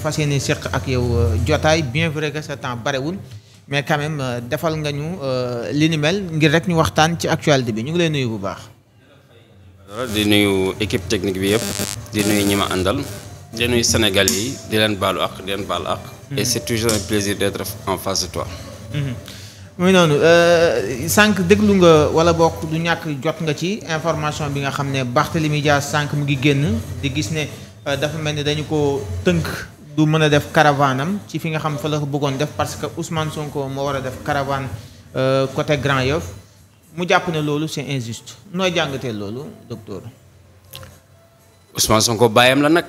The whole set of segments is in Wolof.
fas yéene seq ak yow euh, jotaay bien vrai que sa temps barewul mais quand euh, defal nga ñu euh, linimel ngir rek ñu waxtaan ci actualité bi ñu ngi leen nuyu bu baax. di nuyu équipe technique bi yëpp. di nuyu ñi ma àndal. di nuyu Sénégal yi di leen baalu ak di leen baal ak. Mhm. et c'est toujours un plaisir d'être en face de toi. Mhm. muy noonu sànq déglu nga wala bokk du ñàkk jot nga ci information bi nga xam ne mi Dias sànq mu ngi génn di gis ne dafa mel ni dañu ko tënk. du mën a def caravane am ci fi nga xam fa la ko bëggoon def parce que Ousmane Sonko moo war a def caravane euh, côté Grand Yoff mu jàpp ne loolu c'est injuste nooy jàngatee loolu docteur. Ousmane Sonko bàyyam la nag.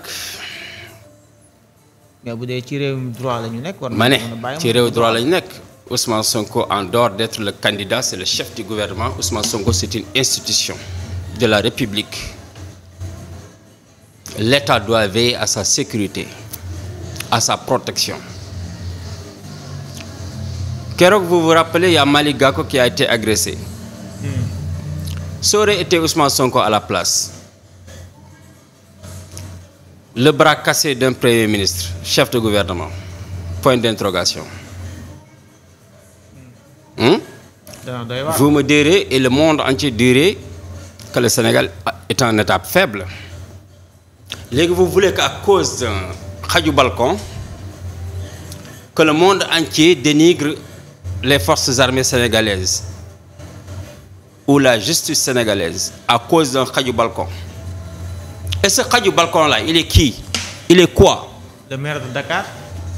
mais bu dee ci réew droit la ñu nekk. war ma ne ci réew droit la ñu nekk. Ousmane Sonko en dehors d'être le candidat c'est le chef du gouvernement Ousmane Sonko c'est une institution de la République. L'État doit veiller à sa sécurité. à sa protection. Keroog, vous vous rappelez, il y a Malik a été agressé. Mm. Ça aurait été Ousmane à la place. Le bras cassé d'un premier ministre, chef de gouvernement. Point d'interrogation. Hmm? hmm? Vous me direz, et le monde entier dirait que le Sénégal est en étape faible. Léegi vous voulez qu'à cause xaju balcon que le monde entier dénigre les forces armées sénégalaises ou la justice sénégalaise à cause d'un xaju balcon et ce xaju balcon là il est qui il est quoi le maire de Dakar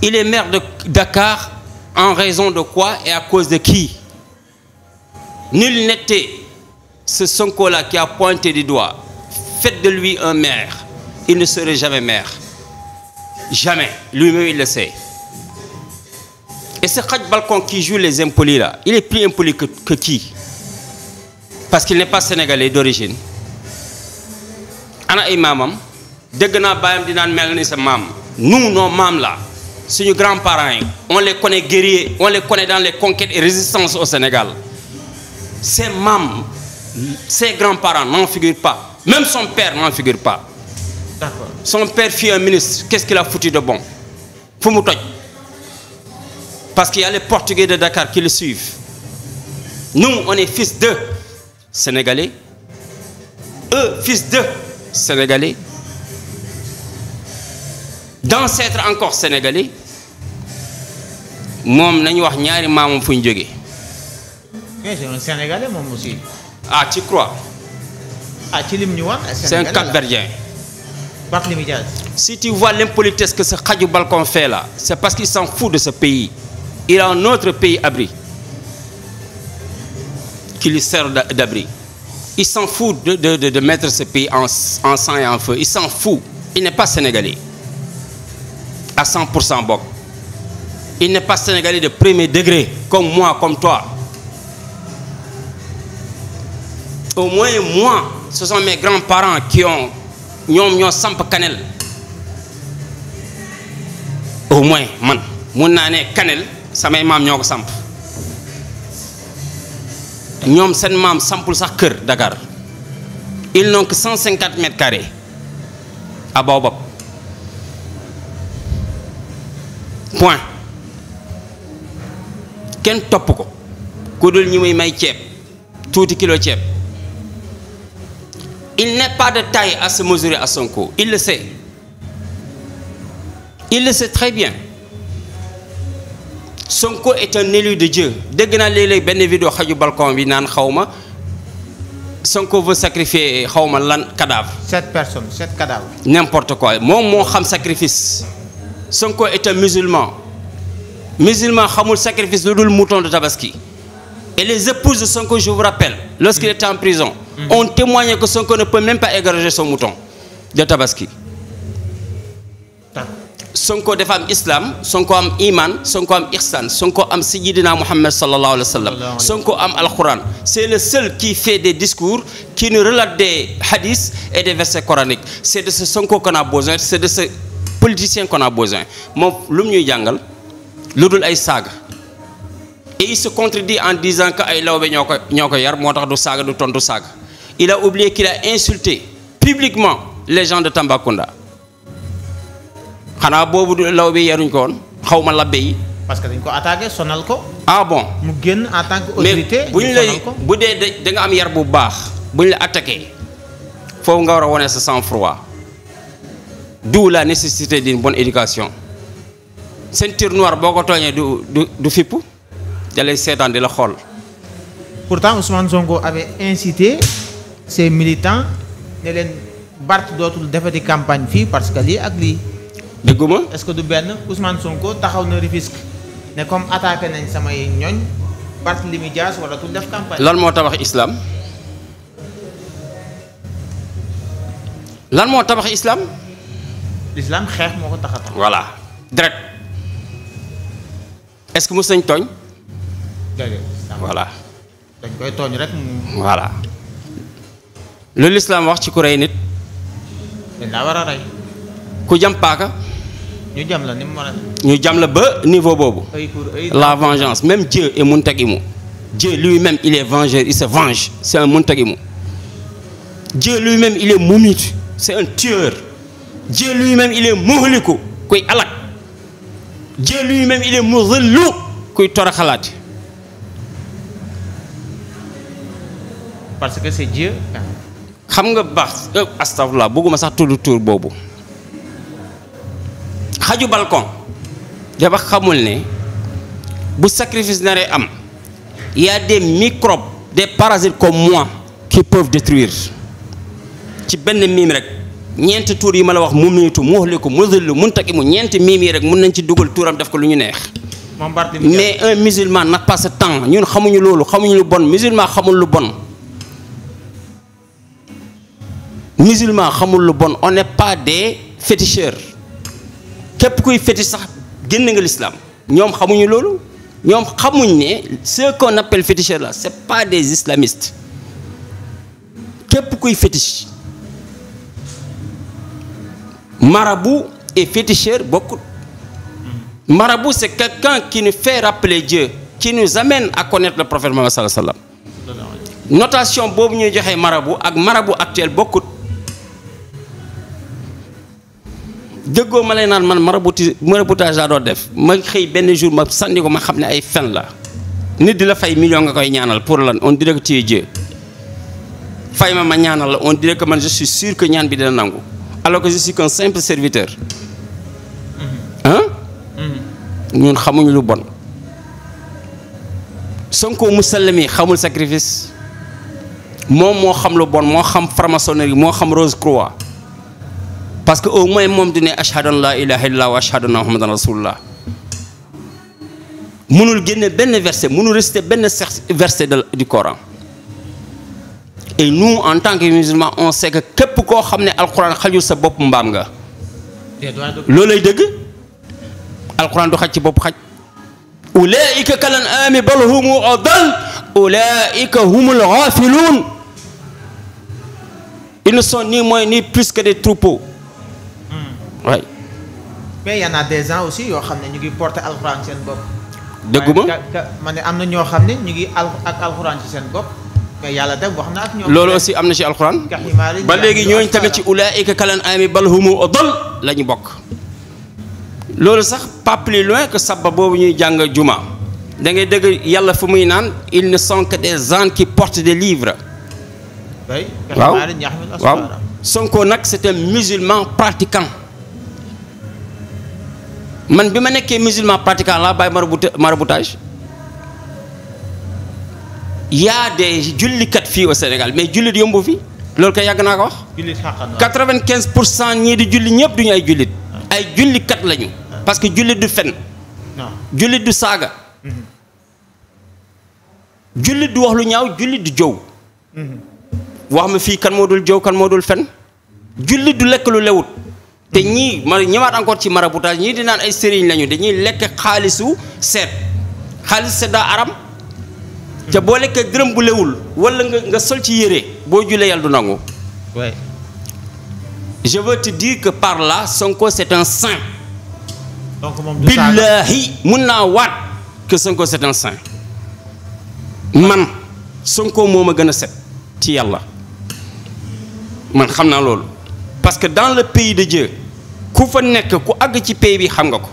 il est maire de Dakar en raison de quoi et à cause de qui nul n'était ce Sonko là qui a pointé du doigt faites de lui un maire il ne serait jamais maire Jamais. Lui-même, il le Et ce Khadj Balcon qui joue les impolis là, il est plus impoli que, que qui Parce qu'il n'est pas sénégalais d'origine. ana ay maamam dégg naa baayam di naan mel ni sa maam nous nos maam là suñu grands-parents yi on les connaît guerriers on les connaît dans les conquêtes et résistances au Sénégal ses maam ses grands-parents n'en figurent pas même son père n'en figure pas D'accord. Son père fut un ministre. Qu'est-ce qu'il a de bon Fumutoy. mu toj parce que les Portugais de Dakar qui le suivent. Nous, on est fils de Sénégalais. Eux, fils de Sénégalais. D'ancêtres encore Sénégalais. moom nañu wax ñaari maamam fu ñu jógee. mais c'est un Sénégalais moom aussi. ah tu crois. ah ci lim ñu wax. c'est un Cap-Verdien. Si tu vois l'impolitesse que ce Khadjou Balcon fait là, c'est parce qu'il s'en fout de ce pays. Il a un autre pays abri qui lui sert d'abri. Il s'en fout de, de, de, de, mettre ce pays en, en, sang et en feu. Il s'en fout. Il n'est pas sénégalais à 100% bon. Il n'est pas sénégalais de premier degré, comme moi, comme toi. Au moins moi, ce sont mes grands-parents qui ont ñoom ñoo samp kaneel au moins man mun naa ne Kanel samay maam ñoo ko samp ñoom seen maam sampul sax kër Dakar il n'ont que 150 mètres carrés à Baobab point kenn topp ko ku dul ñi muy may ceeb tuuti kilo ceeb. Il n'est pas de taille à se mesurer à Sonko. Il le sait. Il le sait très bien. Sonko est un élu de Dieu. dégg naa léeg-léeg benn video xaju balcon bi naan xaw ma Sonko veut sacrifier xaw ma lan cadavre. sept personnes sept cadavres. n'importe quoi moom moo xam sacrifice. Sonko est un musulman. musulman xamul sacrifice lu dul mouton de tabaski. et les épouses de Sonko je vous rappelle. lorsqu'il était en prison. ont témoigné que Sonko ne peut même pas égorger son mouton de Tabaski. Sonko dafa am islam Sonko am iman Sonko am ihsan Sonko am sayyidina Muhammad sallallahu alayhi wa sallam Sonko am alquran c'est le seul qui fait des discours qui nous relate des hadiths et des versets coraniques c'est de ce Sonko qu'on a besoin c'est de ce politicien qu'on besoin moom lu mu ñuy jàngal lu dul ay saaga et il se contredit en disant que ay lawbe ñoo ko ñoo ko yar moo tax du saaga du tontu saaga il a oublié qu'il a insulté publiquement les de Tambacounda xanaa boobu du law bi yaruñ ko xaw ma labbe yi. parce que dañ ko attaqué sonal ko. ah bon mu génn en tant que autorité mais bu ñu lay bu dee da nga am yar bu baax bu ñu la attaqué foofu nga war a wane sa sang-froid d'où la nécessité d'une bon éducation ceinture noire boo ko tooñee du du du fippu da lay seetaan di la xool. pourtant Ousmane Sonko avait incité. ces militants ne leen Barth dootul defati campagne fii parce que lii ak lii. dëgguma est-ce que du benn Ousmane Sonko taxaw na Rufisque ne comme attaqué nañ samay ñooñ Barth li muy jaas waratul def campagne. lan moo tabax islam lan moo tabax islam. l'islam xeex moo ko tax a tax. voilà direct est-ce que nañ tooñ. voilà. dañ koy tooñ rek mu. lu lislaam wax ci ku rey nit. dañ ku jam paaka. ñu jam la ni ñu jam ba niveau boobu. la vengeance même Dieu est muntaqimu. Dieu lui-même il est vengeur il se venge c'est un muntaqimu. Dieu lui-même il est mumit c'est un tueur. Dieu lui-même il est muhliku kuy alak. Dieu lui-même il est muzillu kuy toroxalaat. parce xam nga baax astafurlah bëgguma sax tudd tur boobu xaju balcon dafa xamul ne bu sacrifice naree am ya a des de des parasites comme moi qui peuvent détruire ci benn miim rek ñeenti tuur yi ma la wax mu miitu mun muzillu muntakimu ñeenti miim yi rek mun nañ ci dugal tuuram def ko lu ñu neex mais un musulman n'a pas ce temps ñun xamuñu loolu xamuñu lu bon musulman xamul lu bon musulman xamul lu bon on n'est pas des féticheurs képp kuy fétiche sax génn nga lislaam ñoom xamuñu loolu ñoom xamuñ ne ce qu'on appelle féticheur là c'est pas des islamistes képp kuy fétiche marabout et féticheur bokkut marabout c'est quelqu'un qui nous fait rappeler Dieu qui nous amène à connaître le prophète Mohammed sallallahu alayhi notation boobu ñuy joxe marabout ak marabout actuel bokkut dëggoo ma lay naan man marabouti maraboutage laa doo def ma xëy benn jour ma sandiko ma xam ne ay fen la nit di la fay million nga koy ñaanal pour lan on dirait que tu fay ma ma ñaanal la on dirait man je suis sûr que ñaan bi dina nangu alors que je suis qu'un simple serviteur ah ñun xamuñu lu bon son Sonko musallami xamul sacrifice moom moo xam lu bon moo xam franc-maçonnerie moo xam Rose Croix parce que au moins moom du ne ashhadu laa ilaha illallah wa ashhadu anna rasulullah mënul génne benn verset mënul réciter benn verset du Coran et nous en tant que musulmans on sait képp koo xam ne alquran xajul sa bopp mbaam nga. loolay dëgg alquran du xaj ci bopp xaj. ulaika kalan aami bal humu adal ulaika humul ghafiluun ils ne sont ni moins ni plus que des troupeaux. waay. a des gens aussi yoo xam ne ñu ngi porté alxuraan seen bopp. dëgguma ma ne am na ñoo xam ne ñu ngi al ak alxuraan ci seen bopp. mais yàlla tam wax na ak ñoom. loolu aussi am na ci alxuraan. ba léegi ñooñu tamit ci ulaayika kalan ami bal humu odol la ñu bokk. loolu sax pas plus loin que sabba boobu ñuy jàng juma. dangay ngay dëgg yàlla fu muy naan ils ne sont que des gens porte portent des livres. waaw waaw nag c'est musulman pratiquant. man bi ma nekkee musulman pratiquant laa bàyyi maraboutage y a des jullikat fii au Sénégal mais jullit yombu fi loolu kay yàgg naa ko wax. jullit quatre vingt pour cent ñii di julli ñëpp duñu ay jullit. Ah. ay jullikat lañu. Ah. parce que jullit du fen. Ah. jullit du saaga. Mm-hmm. jullit du wax lu ñaaw jullit du jow. Mm-hmm. wax ma fii kan moo dul jow kan moo dul fen. jullit du lekk lu lewut. te ñii ma ñëwaat encore ci maraboutage ñii di naan ay sëriñ lañu dañuy lekk xaalisu seet xaalis seet aram te boo lekkee gërëm bulewul walla nga nga sol ci yére boo julee yàlla du nangu. je par là Sonko c'est un donc moom du billaahi mun naa waat que Sonko c'est un saint. man Sonko moo ma gën a set ci yàlla man xam naa loolu parce que dans le pays de Dieu. ku fa nekk ku àgg ci pays bi xam nga ko.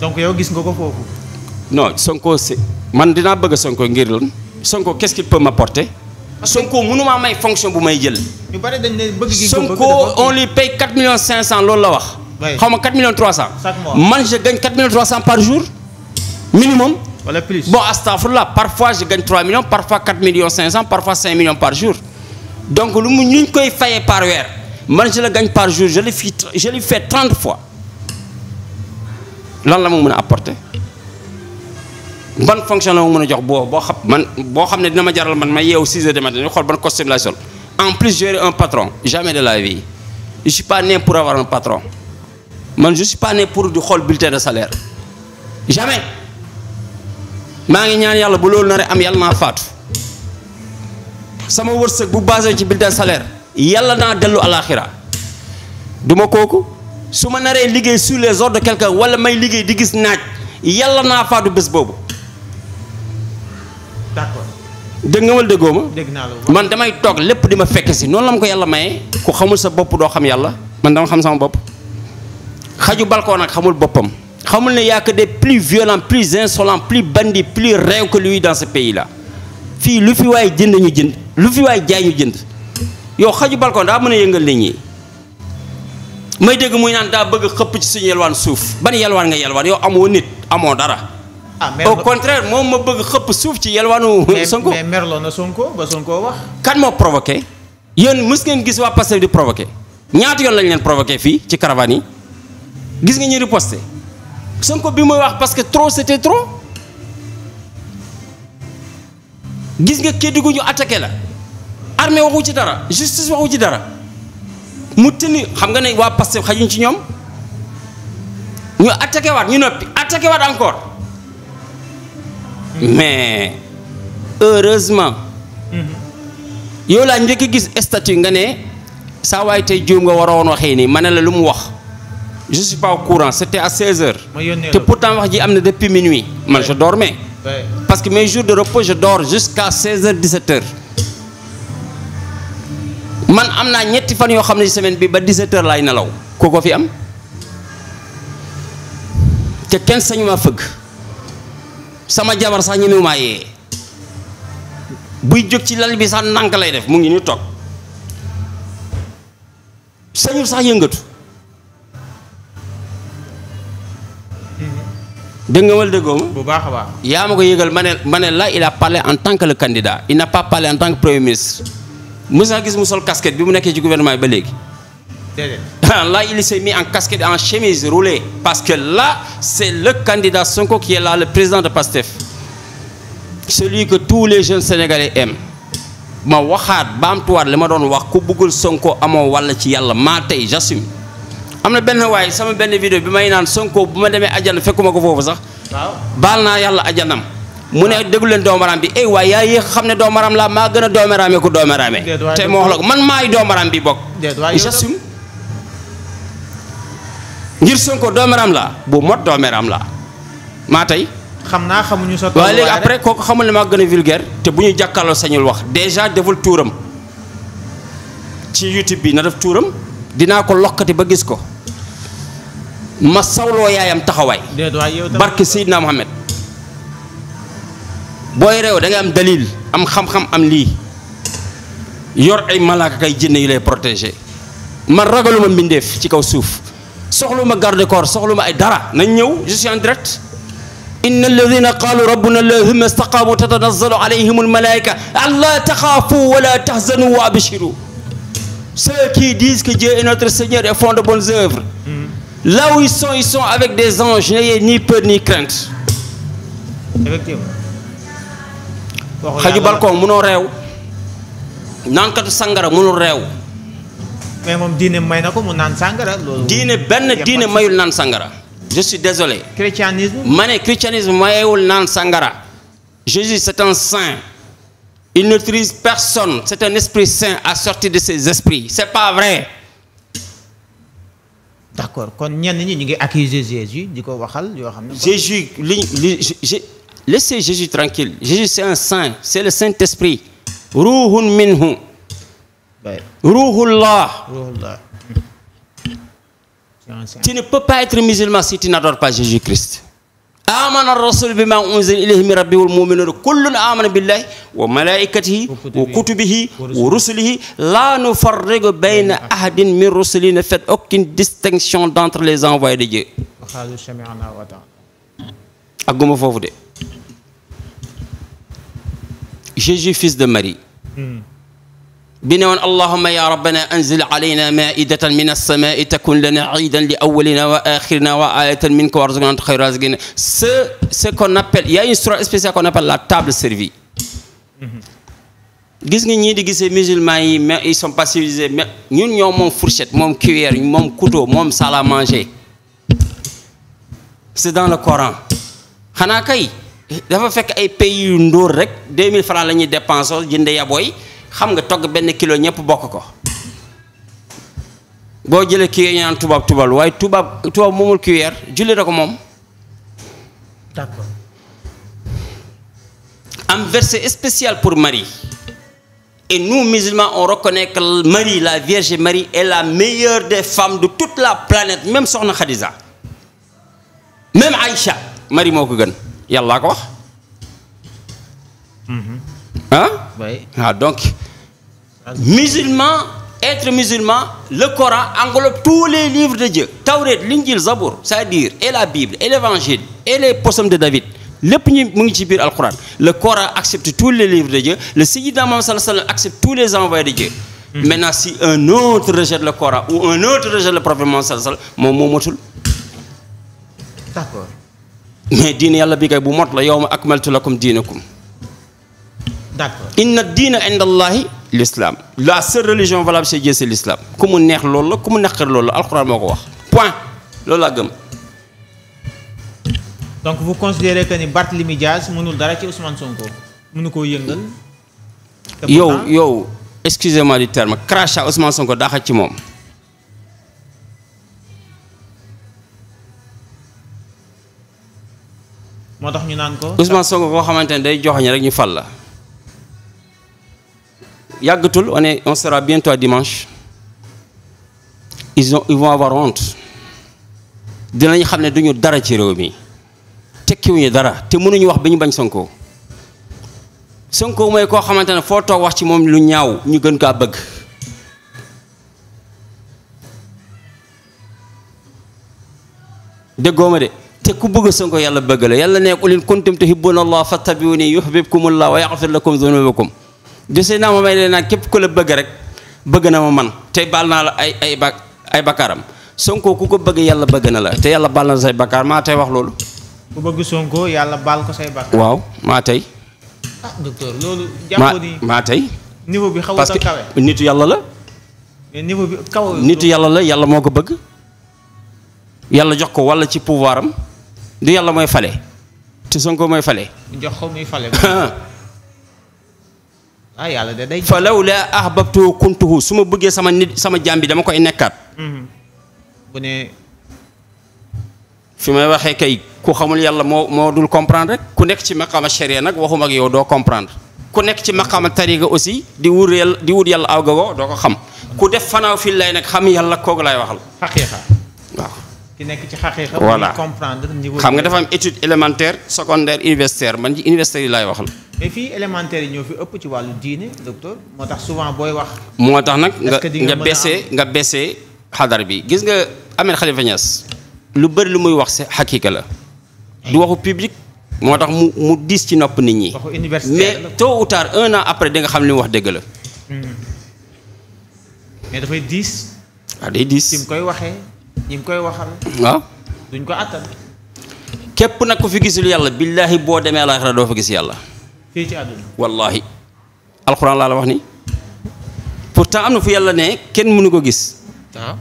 donc yow gis nga ko foofu. non Sonko si man dinaa bëgg Sonko ngir lan Sonko qu'est-ce qu'il peut m'apporter. Sonko mënumaa may fonction bu may jël. ñu bari dañ ne bëgg gi Sonko on lui paye 4 millions 500 loolu la wax. xaw ma 4 millions 300. man je gagne 4 par jour minimum. wala plus bon astafurlah parfois je gagne 3 millions parfois 4 millions 500 parfois 5 millions par jour donc lu mu ñu koy fayee par weer. man je le gagne par jour je le fais je le fois lan la ma mën a apporter ban fonction la ma a jox boo boo xam man boo xam ne dina jaral man ma yeewu 6 heures de matin xool ban costume lay sol en plus j'ai un patron jamais de la vie je pas né pour avoir un patron man je suis pour di xool bulletin de salaire jamais maa ngi ñaan yàlla bu loolu naree am yàlla maa faatu sama wërsëg bu basé ci bulletin de salaire. yàlla naa dellu alaxira du ma kooku su ma naree liggéey sous les ordres de quelqu'un wala may liggéey di gis naaj yàlla naa faatu bés boobu. d'accord dégg nga wala ma. dégg naa la man damay toog lépp di ma fekk si noonu la ma ko yàlla mayee ku xamul sa bopp doo xam yàlla man dama xam sama bopp xaju balkoo nag xamul boppam. xamul ne y a que des plus violents plus insolents plus bandi plus réew que lui dans ce pays là fii lu fi waay jënd ñu jënd lu fi waay jaay ñu jënd. yow xaju balcon daa mën a yëngal nit ñi may dégg muy naan daa bëgg xëpp ci suñu yelwaan suuf ban yelwaan nga yelwaan yow amoo nit amoo dara. ah au contraire moom ma bëgg xëpp suuf ci yelwaanu. Sonko mais merloo na Sonko ba Sonko wax. kan moo provoqué yéen mës ngeen gis waa Pastef di provoqué ñaata yoon lañ leen provoqué fii ci caravane yi gis nga ñu riposté Sonko bi muy wax parce que trop c'était trop gis nga kédu gu ñu attaqué la. armée waxu ci dara justice waxu ci dara mu tëni xam nga ne waa Pastef xajuñ ci ñoom ñu attaqué waat ñu noppi attaqué waat encore mais heureusement yow laa njëkk gis statut nga ne saa waay tey juum nga waroon waxee nii ma ne la lu mu wax je suis pas au courant c'était à 16 heures te pourtant wax ji am na depuis minuit man je dormais parce que mes jours de repos je dors jusqu'à 16 heures 17 heures man am naa ñetti fan yoo xam ne semaine bi ba 17 heures laay nelaw koo ko fi am te kenn sañu ma fëgg sama jabar sax ñu maa yee buy jóg ci lal bi sax nànk lay def mu ngi ñu toog sañul sax yëngatu dégg nga wala déggoo ma bu baax a baax yaa ma ko yëgal ma ne ma ne là il a en tant que le candidat il n'a pas parlé en tant que premier ministre mësa gis mu sol casquette bi mu nekkee ci gouvernement ba léegi ah, là il s'est mis en casquette en chemise roulée parce que là c'est le candidat Sonko qui est là le président de PASTEF celui que tous les jeunes sénégalais aiment ma waxaat baamtuwaat li ma doon wax ku bëggul Sonko amoo walla ci yàlla maa tey j'assume am na benn waaye sama benn vidéo bi may naan Sonko bu ma demee ajana fekkuma ko foofu sax baal naa yàlla ajanam mu ne déglu leen doomaraam bi ey eh waay yaa yéex xam ne doomaraam laa maa gën a doomaraame ku doomaraame te moo wax la ko man maay doomaraam bi bokk j'assume ngir Sonko doomaraam la bu mot doomaraam la maa tey xam naa xamuñu sa waaye léegi après kooku xamul ne maa gën a vulgaire te bu ñuy jàkkaarloo sañul wax déjà deful tuuram ci YouTube bi na def tuuram dinaa ko lokkati ba gis ko ma sawloo yaayam taxawaay barke Seydina Mohamed booy réew da ngay am dalil am xam-xam am lii yor ay malaaka kay jinne yu lay protéger man ragaluma mbindeef ci kaw suuf soxluma garde corps soxluma ay dara nañ ñëw je suis en direct inna alladina qaalu rabbuna allahumma istaqaamu tatanazzalu alayhim almalaika alla taxaafu wala tahzanu wa abshiru ceux qui disent que Dieu est notre Seigneur et font de bonnes œuvres là où ils sont ils sont avec des anges n'ayez ni peur ni crainte effectivement xaju balcon munoo reew naankatu sangara munul reew. mais moom diine may na ko mu naan sangara loolu. diine benn diine mayul naan sangara. je suis désolé. mane ma ne christianisme mayewul naan sangara. Jésus c'est un saint. il n'utilise personne c'est un esprit saint à sorti de ses esprits c'est pas vrai. d'accord kon ñenn ñi ñu ngi accuser Jésus di ko waxal Jésus Laissez Jésus tranquille. Jésus, c'est un saint. C'est le Saint-Esprit. Ruhun minhu. ne peux pas être musulman si tu n'adores pas Jésus-Christ. آمن الرسول بما أنزل إليه من ربه والمؤمنون كل آمن بالله وملائكته وكتبه ورسله لا نفرق بين أحد من رسله ne fait aucune distinction d'entre les envoyés de Dieu. àgguma foofu de. Jésus fils de Marie bi ne woon allahuma ya rabbana anzil alayna maidatan min alsamai takun lana iidan li awalina wa axirina wa ayatan minka warzuqna wa anta xayru raziqin ce ce qu'on appelle y a une histoire spéciale qu'on appelle la table servie gis nga ñii di gisee musulmans yi mais ils sont pas civilisés mais ñun ñoo moom fourchette moom cuillère moom couteau moom salle à manger c'est dans le Coran xanaa kay dafa fekk ay pays yu ndóor rek 2000 francs la ñuy dépensé jënde yabooy xam nga togg benn kilo ñëpp bokk ko boo jëlee kii ñaan tubaab tubal waaye tubaab tubaab moomul cuillère julli da ko moom. d'accord. am verset spécial pour Marie. Et nu musulmans, on reconnaît que Marie, la Vierge Marie, et la meilleure des femmes de tout la planète, même Sorna Khadija. Même Aïcha, Marie Mokogan. la ko wax mm-hmm. ah waaw donc musulman être musulman le Coran englobe tous les livres de Dieu Tawret l'Injil Zabour c'est-à-dire et la Bible et l'évangile et les psaumes de David lépp ñu mu ngi ci biir alquran le Coran accepte tous les livres de Dieu le Sayyidina Muhammad sallallahu alayhi accepte tous les envoyés de Dieu mm-hmm. maintenant si un autre rejette le Coran ou un autre rejette le prophète Muhammad sallallahu alayhi wa sallam moom moo mais diine yàlla bi kay bu mot la yawma akmaltu lakum diinakum d'accord inna diina inda allahi l'islam la seule religion valable c'est Dieu c'est l'islam ku mu neex loolu la ku mu naqar loolu la alxuraan moo ko wax point loolu laa gëm. donc vous considérez que ni Barthélemy Diaz mënul dara ci Ousmane Sonko mënu koo yëngal. yow yow excusez-moi du terme crachat Sonko daa ci moom. moo tax ñu naan ko. Ousmane Sonko koo xamante ne day joxoñ rek ñu fal la. yàggatul on est on sera bientôt à dimanche ils ont ils vont avoir honte dinañ xam ne duñu dara ci réew mi tekkiwuñu dara te mënuñu wax bi ñu bañ Sonko Sonko mooy koo xamante ne foo toog wax ci moom lu ñaaw ñu gën kaa bëgg. déggoo de. te ku bëgg Sonko yàlla bëgg la yàlla ne qul in kuntum tuhibbuna allah fattabiuni yuhbibkumullah wa yaghfir lakum dhunubakum josee naa ma may leen naan képp ku la bëgg rek bëgg na ma man te baal naa la ay ay ba ay bakkaaram Sonko ku ko bëgg yàlla bëgg na la te yàlla baal na say bakkaar maa tey wax loolu. ku bëgg yàlla baal ko say bakkaar. waaw maa tey. ah docteur loolu. maa tey. niveau bi xaw na yàlla la. mais kaw nitu yàlla la yàlla moo ko bëgg. yàlla jox ko walla ci pouvoiram. du yàlla mooy fale te Sonko mooy fale. jox ko muy fale. Ah. ah yàlla de day. fa lawlaa ahbabtu su ma bëggee sama nit sama jaam bi dama koy nekkaat. Mhm. fi may waxee kay ku xamul yàlla moo moo dul comprendre ku nekk ci maqaama sharia nag waxu ak yow doo comprendre ku nekk ci maqaama tariqa aussi di wut yàlla di wut yàlla aw ga doo ko xam ku def fanaaw fii lay nag xam yàlla kooku lay waxal. ki nekk ci xaqiiqa voilà comprendre niveau xam nga dafa am étude élémentaire secondaire universitaire man ci universitaire yi wax la. ñoo fi ëpp ci wàllu diine docteur moo tax souvent booy wax. moo tax nag nga nga besee nga besee xadar bi gis nga Ahmed Khalifa Niass lu bëri lu muy wax si xaqiiqa la du waxu public. moo tax mu mu diis ci nopp nit ñi. mais tôt ou tard un an après di nga xam li mu wax dëgg la. Hmm. mais dafay diis. Ah, diis fi koy waxee. ñi koy waxal. waaw duñ ko attan. képp nag ko fi gisul yàlla billaahi boo demee alaaxira doo fa gis yàlla. fii ci alxuraan laa la wax ni pourtant am na fu yàlla ne kenn mënu ko gis. waaw. Ah.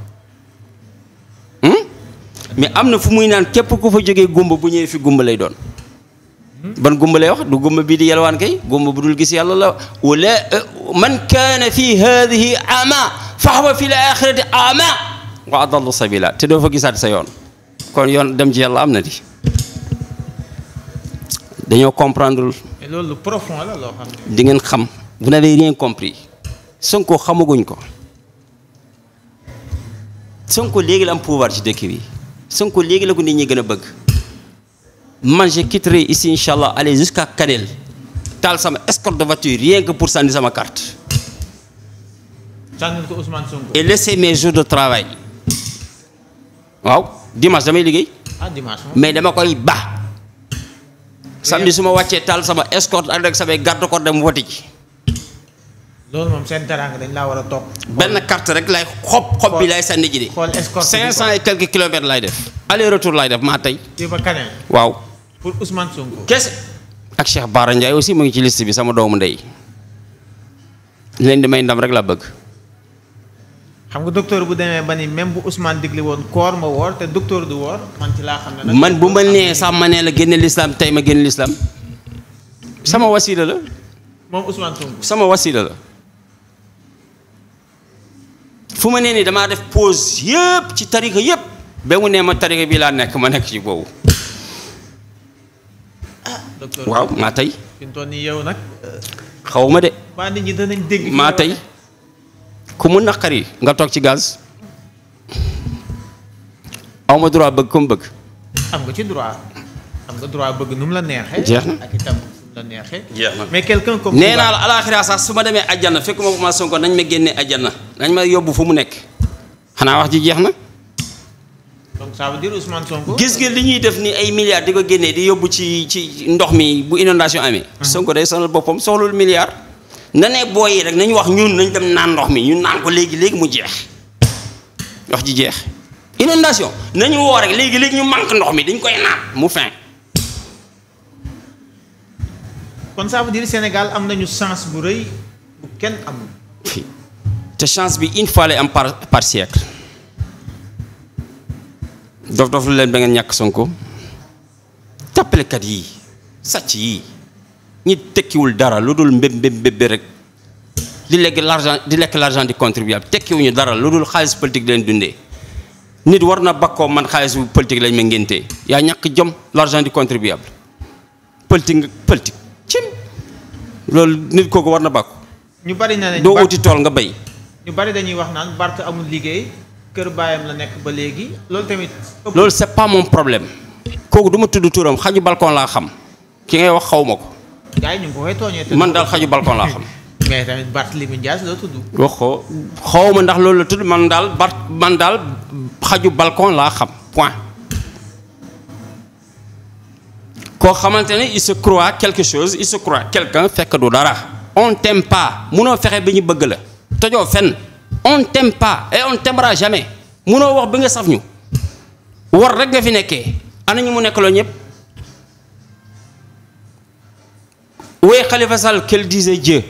Hmm? am na fu muy naan képp ku fa jógee gumba bu ñëwee fi gumba lay doon. Hmm? ban gumba lay wax du gumba bii di yalwaan kay gumba bu dul gis yàlla la eh, man kaana fi haadihi ama fa huwa fi l axirati ama wa adallu sabila te doo fa gisaat sa yoon kon yoon dem ci yàlla am na di dañoo comprendre loolu xam ne di ngeen xam vous n'avez rien compris Sonko xamaguñ ko Sonko léegi la am ci dëkk bi Sonko léegi la ko nit ñi gën a bëgg man je quitterai ici incha allah aller jusqu'à Kanel taal sama escorte de voiture rien que pour sànni sama carte. sànni ko Ousmane Sonko. et laisser mes jours de travail. waaw dimanche damay liggéey. ah dimanche mais dama koy ba. samedi su ma wàccee taal sama escorte ak rek samay garde corps dem woti ci. loolu moom seen teraanga laa war a topp. benn carte rek lay xob xob bi lay sànni ji de. cinq cent et quelques kilomètres lay def. aller retour lay def maa tey. ba waaw. pour Ousmane Sonko. kese. ak Cheikh Bara Ndiaye aussi mu ngi ci liste bi sama doomu ndey. leen di may ndam rek laa bëgg. xam nga docteur bu demee ba ni même bu Ousmane digli woon koor ma woor te docteur du woor man man bu ma nee sax ma nee la génne lislaam tey ma génne lislaam sama wasila la. moom sama wasila la. fu ma nee nii damaa def pause yépp ci tarixa yëpp ba mu nee ma tarixa bii laa nekk ma nekk ci boobu. docteur waaw maa tey. fi mu xaw ma de. maa tey. ku mu naqari nga toog ci gaz awma droit bëgg comme bëgg. am nga ci droit am nga droit bëgg nu la neexee. jeex na la neexee. jeex na mais quelqu'un nee naa la alaaxira sax su ma demee àjjana fekk ma ma Sonko nañ ma génnee àjjana dañ ma yóbbu fu mu nekk xanaa wax ji jeex na. donc ça veut dire gis nga li ñuy def ni ay milliards di ko génnee di yóbbu ci ci ndox mi bu inondation amee. Sonko day sono boppam soxlul milliard. na ne booy yi rek nañu wax ñun nañ dem naan ndox mi ñu naan ko léegi léegi mu jeex wax ji jeex inondation nañu woo rek léegi léegi ñu manque ndox mi dañ koy naan mu fin. kon ça veut dire am nañu chance bu rëy bu kenn amul. te chance bi une fois lay am par par siècle dof dof lu leen ba ngeen ñàkk Sonko tappalekat yi sàcc yi. ñi tekkiwul dara lu dul mbéb mbéb mbéb rek di lekk l'argent di lekk l'argent du contribuable tekkiwuñu dara lu dul xaalis politique leen dundee nit war na bakkoo man xaalis politik politique lañ ma ngéntee yaa ñàkk jom l'argent di contribuable politique politique cim loolu nit kooku war na bakku ñu bari na doo uti tool nga bay ñu bari dañuy wax naan Barth amul liggéey kër baayam la nekk ba léegi loolu tamit. loolu c'est pas mon problème kooku du ma tudd turam xaju balcon laa xam ki ngay wax xaw ma ko. gars yi ñu ngi man daal xaju balcon laa xam. mais tamit Barthélémy Dias la tudd. wax ko xaw ma ndax loolu la tudd man daal Bart man daal xaju balcon laa xam point. koo xamante ne is se croit quelque chose is se croit quelqu'un fekk du dara. on t'aime pas munoo fexe bi ñu bëgg la. tojoo fenn on t'aime pas et on t'aimera jamais munoo wax bi nga saf ñu. war rek nga fi nekkee ana ñu mu nekk loo ñëpp. Où est Khalifa Sall qu'elle disait Dieu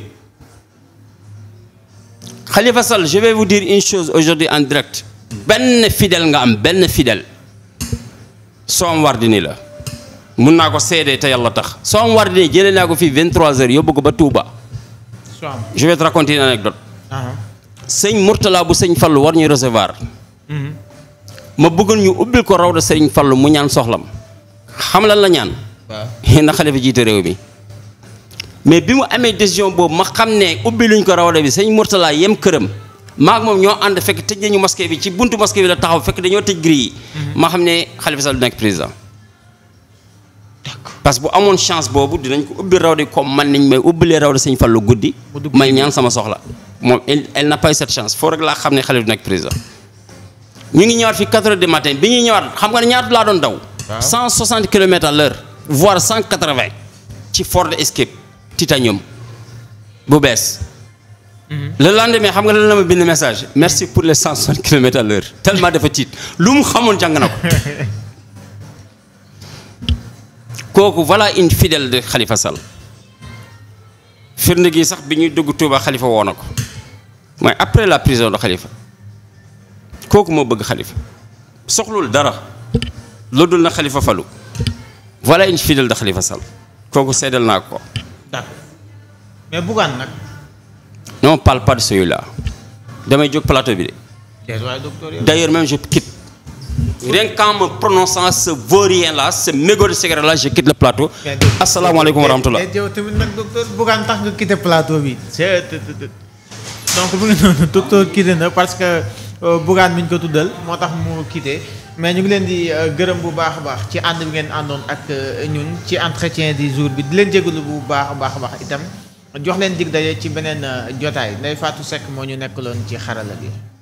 Khalifa Sall, je vais dire une chose aujourd'hui en direct. benn fidèle nga am benn fidèle soo am Wardini la mun naa ko seede te yàlla tax soo am Wardini jëlee naa ko fii 23h yóbbu ko ba Touba. je vais te ah ah. sëñ Mourtala bu sëñ Fallu war ñu recevoir. Mm-hmm. ma bëggoon ñu ubbil ko raw da sëriñ Fallu mu ñaan soxlam xam lan la ñaan. na xalifa jiite réew mi. mais bi mu amee décision boobu ma xam ne ubbi luñ ko rawale bi sëñ Mourtala yem këram maak moom ñoo ànd fekk tëj nañu mosquée bi ci buntu mosquée bi la taxaw fekk dañoo tëj grilles yi. Mhm. ma xam ne Khalifa Sall du nekk président. parce que bu amoon chance boobu dinañ ko ubbi rawde comme man nañ may ubbilee rawde sëñ Fallu guddi. may ñaan sama soxla. moom elle n'a pas eu cette chance foo rek laa xam ne Khalifa du nekk président. ñu ngi ñëwaat fi 4 heures du matin bi ñuy ñëwaat xam nga ne ñaata laa doon daw. 160 kilomètres à l'heure voire 180. ci Ford Escape. titanium bu bees. le lendemain xam nga lan la ma bind message merci pour le cent soixante kilomètres à dafa tiit lu mu xamoon jàng na ko. kooku voilà une fidèle de Khalifa Sall firnde sax bi ñuy dugg Touba Khalifa woo ko mooy après la prison de Khalifa kooku moo bëgg Khalifa soxlul dara loolu dul na Khalifa falu voilà une fidèle de Khalifa kooku seddal naa ko. d'accord mais Bougane nag. non on parle pas de celui damay jóg plateau bi de. d'ailleurs même je quitte. rien qu'en me prononçant ce vaurien là ce mégot de cigarette là je quitte le plateau. asalaamaaleykum wa rahmatulah. mais yow tamit nag docteur Bougane tax nga quitter plateau bi. donc mu ngi noonu docteur quitte na parce que. Euh, bugaan mi ñu ko tuddal moo tax mu quitté mais ñu ngi leen di euh, gërëm bu baax baax ci ànd bi ngeen àndoon ak euh, ñun ci entretien du jour bi di leen jégalu bu baax a baax baax itam jox leen dig daje ci beneen jotaay Ndeye Fatou Seck moo ñu nekk loon ci xarala bi.